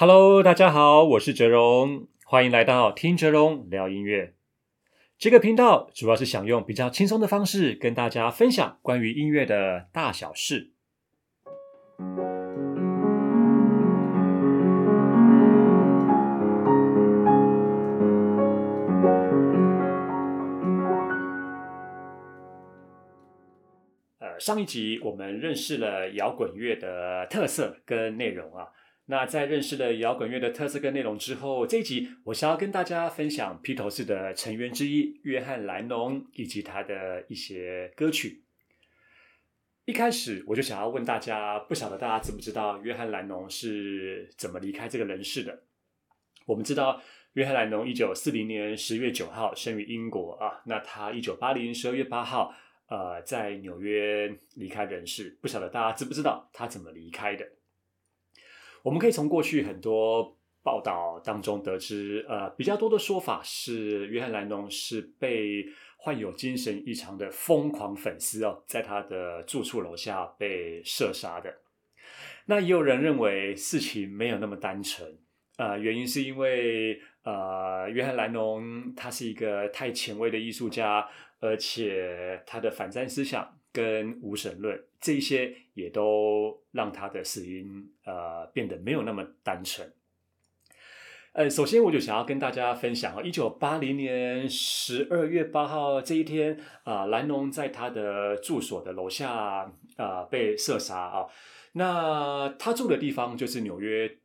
Hello，大家好，我是哲榕，歡迎來到聽哲榕聊音樂。這個頻道主要是想用比較輕鬆的方式跟大家分享關於音樂的大小事。呃，上一集我們認識了搖滾樂的特色跟內容啊。那在認識了搖滾樂的特色跟內容之後，這一集我是要跟大家分享披頭士的成員之一約翰·藍儂以及他的一些歌曲。一開始我就想要問大家，不曉得大家知不知道約翰·藍儂是怎麼離開這個人世的？我們知道約翰·藍儂一九四零年十月九號生於英國啊，那他一九八零年十二月八號呃，在紐約離開人世，不曉得大家知不知道他怎麼離開的？我們可以從過去很多報道當中得知，呃，比較多的說法是約翰蘭儂是被患有精神異常的瘋狂粉絲哦，在他的住處樓下被射殺的。那也有人認為事情沒有那麼單純，呃，原因是因為呃，約翰蘭儂他是一個太前衛的藝術家，而且他的反戰思想。跟無神論，這一些也都讓他的死因呃變得沒有那麼單純。呃，首先我就想要跟大家分享啊，一九八零年十二月八號這一天啊、呃，藍儂在他的住所的樓下啊、呃、被射殺啊、哦。那他住的地方就是紐約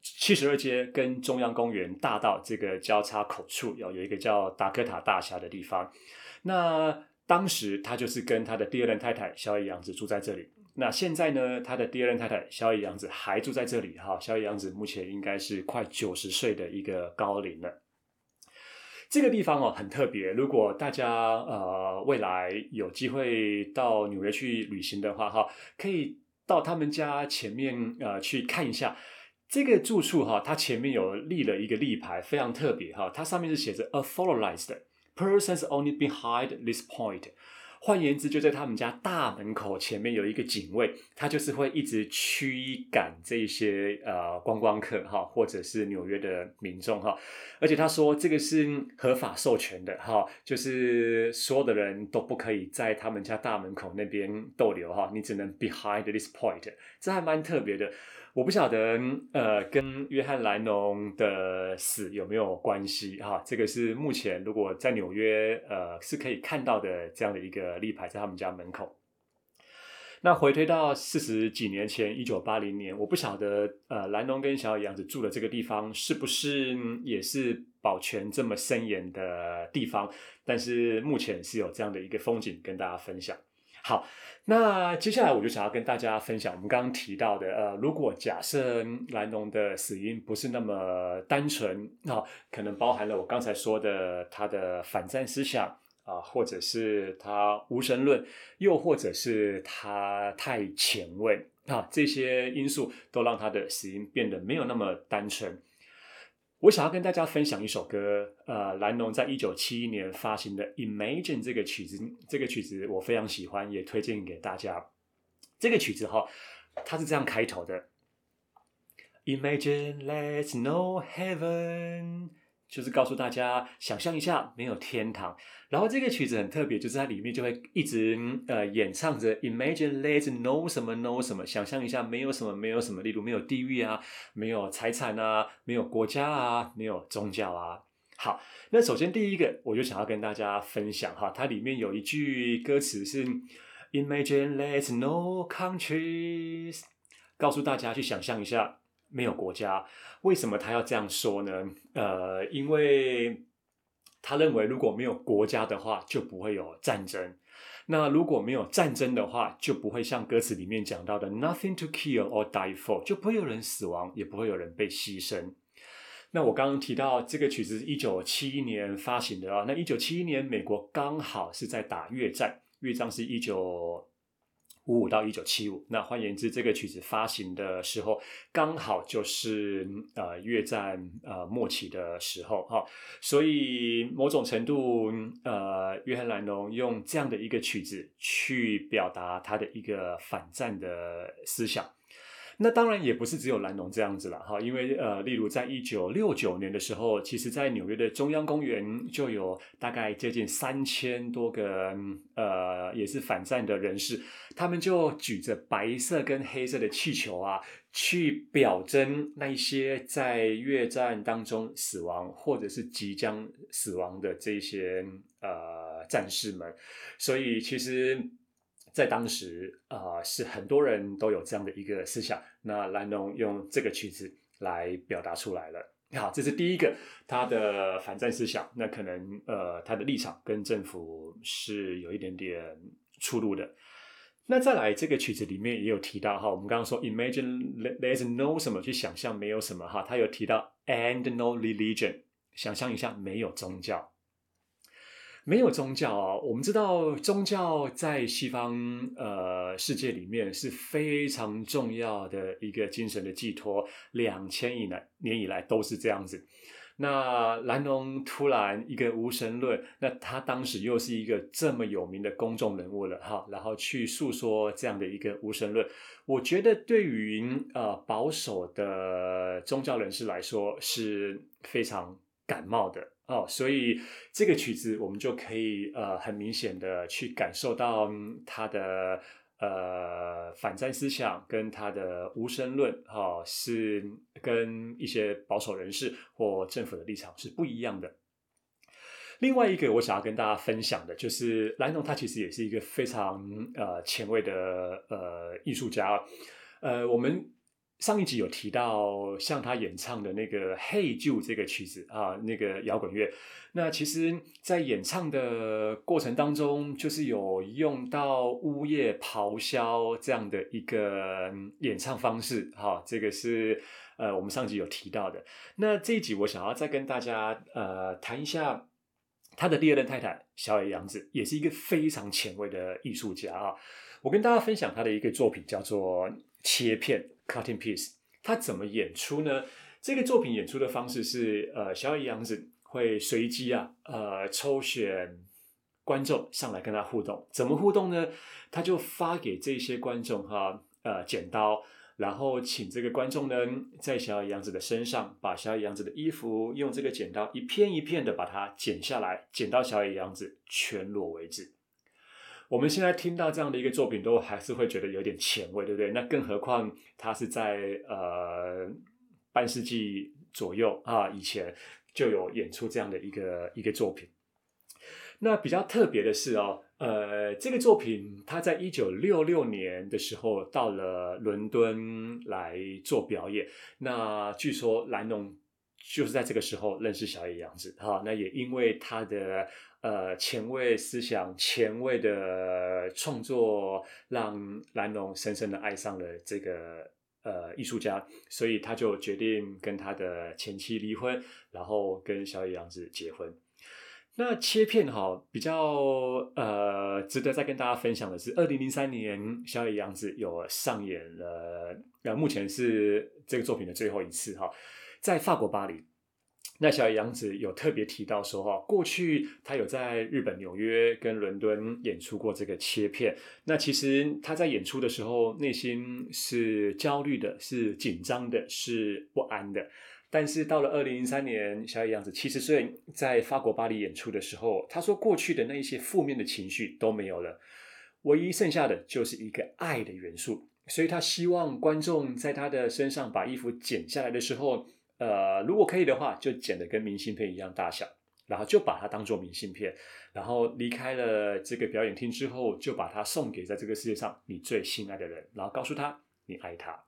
七十二街跟中央公園大道這個交叉口處，有有一個叫達科塔大廈的地方。那當時他就是跟他的第二任太太小野洋子住在這裡。那現在呢，他的第二任太太小野洋子還住在這裡。哈，小野洋子目前應該是快九十歲的一個高齡了。這個地方哦，很特別。如果大家呃未來有機會到紐約去旅行的話，哈，可以到他們家前面呃去看一下這個住處哈。它前面有立了一個立牌，非常特別哈。它上面是寫着 “Afololized” 的。Persons only behind this point，換言之，就在他們家大門口前面有一個警衛，他就是會一直驅趕這些呃觀光客哈，或者是紐約的民眾哈。而且他說這個是合法授權的哈，就是所有的人都不可以在他們家大門口那邊逗留哈，你只能 behind this point，這還蠻特別的。我不曉得，呃，跟約翰藍儂的死有沒有關係哈？這個是目前如果在紐約，呃，是可以看到的這樣的一個立牌在他們家門口。那回推到四十幾年前，一九八零年，我不曉得，呃，藍儂跟小野洋子住的這個地方是不是也是保全這麼森嚴的地方？但是目前是有這樣的一個風景跟大家分享。好，那接下來我就想要跟大家分享我們剛剛提到的，呃，如果假設藍儂的死因不是那麼單純，啊、呃，可能包含了我剛才說的他的反戰思想啊、呃，或者是他無神論，又或者是他太前衛，啊、呃，這些因素都讓他的死因變得沒有那麼單純。我想要跟大家分享一首歌，呃，藍儂在一九七一年發行的《Imagine》這個曲子，這個曲子我非常喜歡，也推薦給大家。這個曲子哈，它是這樣開頭的：Imagine, let's know heaven。就是告訴大家，想象一下沒有天堂。然後這個曲子很特別，就是它裡面就會一直呃演唱着 “Imagine, there's no 什麼 no 什麼”什麼。想象一下，沒有什麼，沒有什麼，例如沒有地獄啊，沒有財產啊，沒有國家啊，沒有宗教啊。好，那首先第一個，我就想要跟大家分享哈，它裡面有一句歌詞是 “Imagine, there's no countries”，告訴大家去想象一下。沒有國家，為什麼他要這樣說呢？呃，因為他認為如果沒有國家的話，就不會有戰爭。那如果沒有戰爭的話，就不會像歌詞裡面講到的 “nothing to kill or die for”，就不會有人死亡，也不會有人被犧牲。那我剛剛提到這個曲子是一九七一年發行的啊，那一九七一年美國剛好是在打越戰，越戰是一九。五五到一九七五，那換言之，這個曲子發行的時候，剛好就是呃越戰呃末期的時候哈、哦，所以某種程度呃，約翰·藍儂用這樣的一個曲子去表達他的一個反戰的思想。那當然也不是只有藍儂這樣子了，哈，因為呃，例如在一九六九年的時候，其實，在紐約的中央公園就有大概接近三千多個呃，也是反戰的人士，他們就舉着白色跟黑色的氣球啊，去表徵那一些在越戰當中死亡或者是即將死亡的這些呃戰士們，所以其實。在當時啊，呃，是很多人都有這樣的一個思想。那藍儂用這個曲子來表達出來了。好，這是第一個他的反戰思想。那可能呃，他的立場跟政府是有一點點出入的。那再來，這個曲子裡面也有提到哈，我們剛剛說 Imagine there's no 什麼，去想象沒有什麼哈，他有提到 and no religion，想象一下沒有宗教。沒有宗教啊，我們知道宗教在西方呃世界裡面是非常重要的一個精神的寄托，兩千以來年,年以來都是這樣子。那藍儂突然一個無神論，那他當時又是一個這麼有名的公眾人物了哈，然後去訴說這樣的一個無神論，我覺得對於呃保守的宗教人士來說是非常感冒的。哦，所以這個曲子我們就可以呃很明顯的去感受到他的呃反戰思想跟他的無神論哈、哦、是跟一些保守人士或政府的立場是不一樣的。另外一個我想要跟大家分享的就是藍儂，他其實也是一個非常呃前衛的呃藝術家，呃我們。上一集有提到，像他演唱的那個《Hey Jude》這個曲子啊，那個搖滾樂。那其實，在演唱的過程當中，就是有用到嗚咽、咆哮這樣的一個演唱方式。哈、啊，這個是呃，我們上集有提到的。那這一集我想要再跟大家呃談一下他的第二任太太小野洋子，也是一個非常前衛的藝術家啊。我跟大家分享他的一個作品，叫做《切片》。Cut in Piece，他怎麼演出呢？這個作品演出的方式是，呃，小野洋子會隨機啊，呃，抽選觀眾上來跟他互動。怎麼互動呢？他就發給這些觀眾哈、啊，呃，剪刀，然後請這個觀眾呢，在小野洋子的身上，把小野洋子的衣服用這個剪刀一片一片的把它剪下來，剪到小野洋子全裸為止。我們現在聽到這樣的一個作品，都還是會覺得有點前衛，對不對？那更何況他是在呃半世紀左右啊以前就有演出這樣的一個一個作品。那比較特別的是哦，呃，這個作品他在一九六六年的時候到了倫敦來做表演。那據說藍儂就是在這個時候認識小野洋子哈、哦，那也因為他的呃前衛思想、前衛的創作，讓藍儂深深的愛上了這個呃藝術家，所以他就決定跟他的前妻離婚，然後跟小野洋子結婚。那切片哈、哦、比較呃值得再跟大家分享的是，二零零三年小野洋子有上演了，那、呃、目前是這個作品的最後一次哈。哦在法國巴黎，那小野洋子有特別提到說哈，過去他有在日本、紐約跟倫敦演出過這個切片。那其實他在演出的時候，內心是焦慮的，是緊張的，是不安的。但是到了二零零三年，小野洋子七十歲，在法國巴黎演出的時候，他說過去的那一些負面的情緒都沒有了，唯一剩下的就是一個愛的元素。所以他希望觀眾在他的身上把衣服剪下來的時候。呃，如果可以的話，就剪得跟明信片一樣大小，然後就把它當做明信片，然後離開了這個表演廳之後，就把它送給在這個世界上你最心愛的人，然後告訴他你愛他。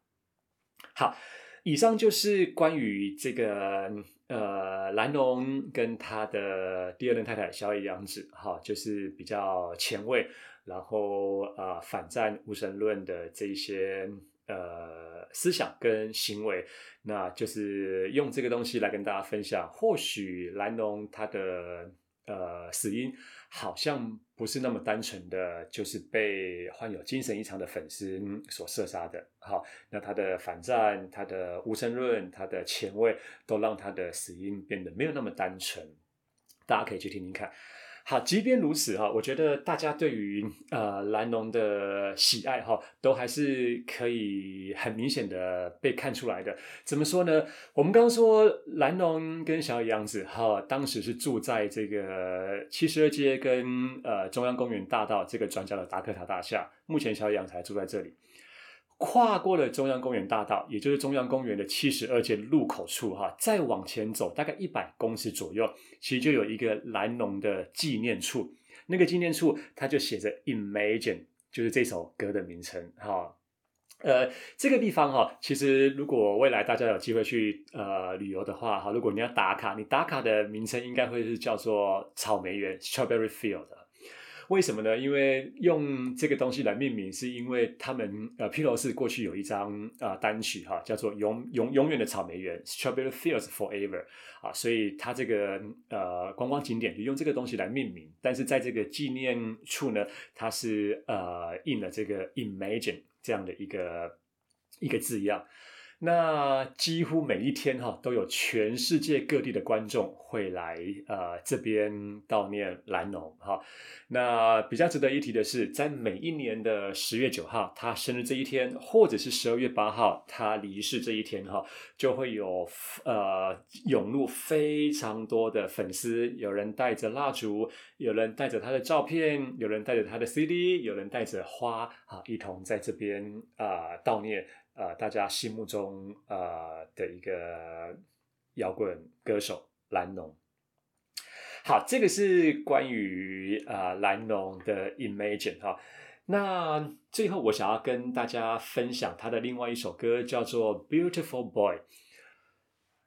好，以上就是關於這個呃藍儂跟他的第二任太太小野洋子，哈，就是比較前衛，然後呃反戰無神論的這一些。呃，思想跟行為，那就是用這個東西來跟大家分享。或許藍儂他的呃死因，好像不是那麼單純的，就是被患有精神異常的粉絲所射殺的。好，那他的反戰、他的無神論、他的前衛，都讓他的死因變得沒有那麼單純。大家可以去聽聽看。好，即便如此哈，我覺得大家對於呃藍儂的喜愛哈，都還是可以很明顯的被看出來的。怎麼說呢？我們剛剛說藍儂跟小野洋子哈、哦，當時是住在這個七十二街跟呃中央公園大道這個轉角的達克塔大廈，目前小野洋才住在這裡。跨過了中央公園大道，也就是中央公園的七十二街路口處，哈，再往前走大概一百公尺左右，其實就有一個藍儂的紀念處。那個紀念處，它就寫着《Imagine》，就是這首歌的名稱，哈。呃，這個地方哈，其實如果未來大家有機會去呃旅遊的話，哈，如果你要打卡，你打卡的名稱應該會是叫做草莓園 （Strawberry Field） 的。為什麼呢？因為用這個東西來命名，是因為他們呃披頭士過去有一張啊、呃、單曲哈、啊，叫做永永永遠的草莓園 （Strawberry Fields Forever） 啊，所以它這個呃觀光景點就用這個東西來命名。但是在這個紀念處呢，它是呃印了這個 Imagine 這樣的一個一個字樣。那幾乎每一天哈，都有全世界各地的觀眾會來呃這邊悼念藍儂哈。那比較值得一提的是，在每一年的十月九號，他生日這一天，或者是十二月八號他離世這一天哈，就會有呃湧入非常多的粉絲，有人帶着蠟燭，有人帶着他的照片，有人帶着他的 CD，有人帶着花，一同在這邊啊、呃、悼念。呃，大家心目中呃的一個搖滾歌手藍儂。好，這個是關於呃藍儂的 Imagine 哈、哦。那最後我想要跟大家分享他的另外一首歌叫做 Beautiful Boy。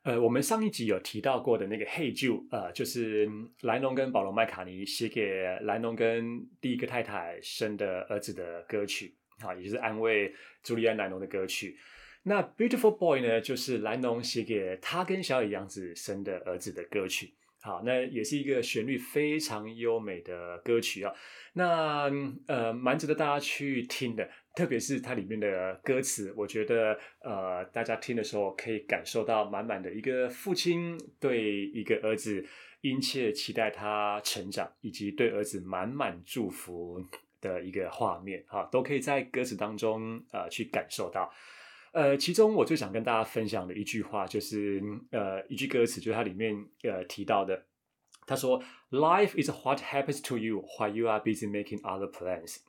呃，我們上一集有提到過的那個 Hey Jude，呃，就是藍儂跟保羅麥卡尼寫給藍儂跟第一個太太生的兒子的歌曲。好，也就是安慰朱利安·藍儂的歌曲。那《Beautiful Boy》呢，就是藍儂寫給他跟小野洋子生的兒子的歌曲。好，那也是一個旋律非常優美的歌曲啊、哦。那呃，蠻值得大家去聽的，特別是它裡面的歌詞，我覺得呃，大家聽的時候可以感受到滿滿的一個父親對一個兒子殷切期待他成長，以及對兒子滿滿祝福的一個畫面，哈、啊，都可以在歌詞當中，呃，去感受到。呃，其中我最想跟大家分享的一句話，就是，呃，一句歌詞，就是它裡面，呃，提到的。他說：“Life is what happens to you while you are busy making other plans。”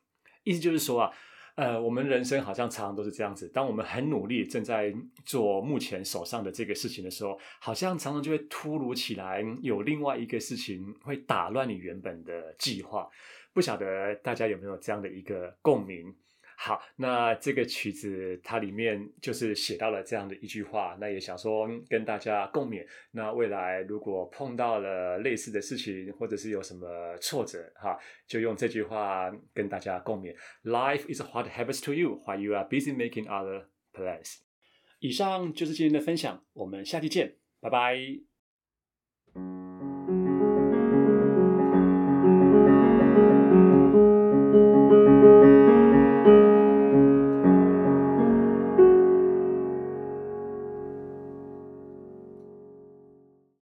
意思就是說啊，呃，我們人生好像常常都是這樣子。當我們很努力，正在做目前手上的這個事情的時候，好像常常就會突如其來有另外一個事情會打亂你原本的計劃。不曉得大家有沒有這樣的一個共鳴？好，那這個曲子它裡面就是寫到了這樣的一句話，那也想說跟大家共勉。那未來如果碰到了類似的事情，或者是有什麼挫折，哈，就用這句話跟大家共勉。Life is what happens to you while you are busy making other plans。以上就是今天的分享，我們下期見，拜拜。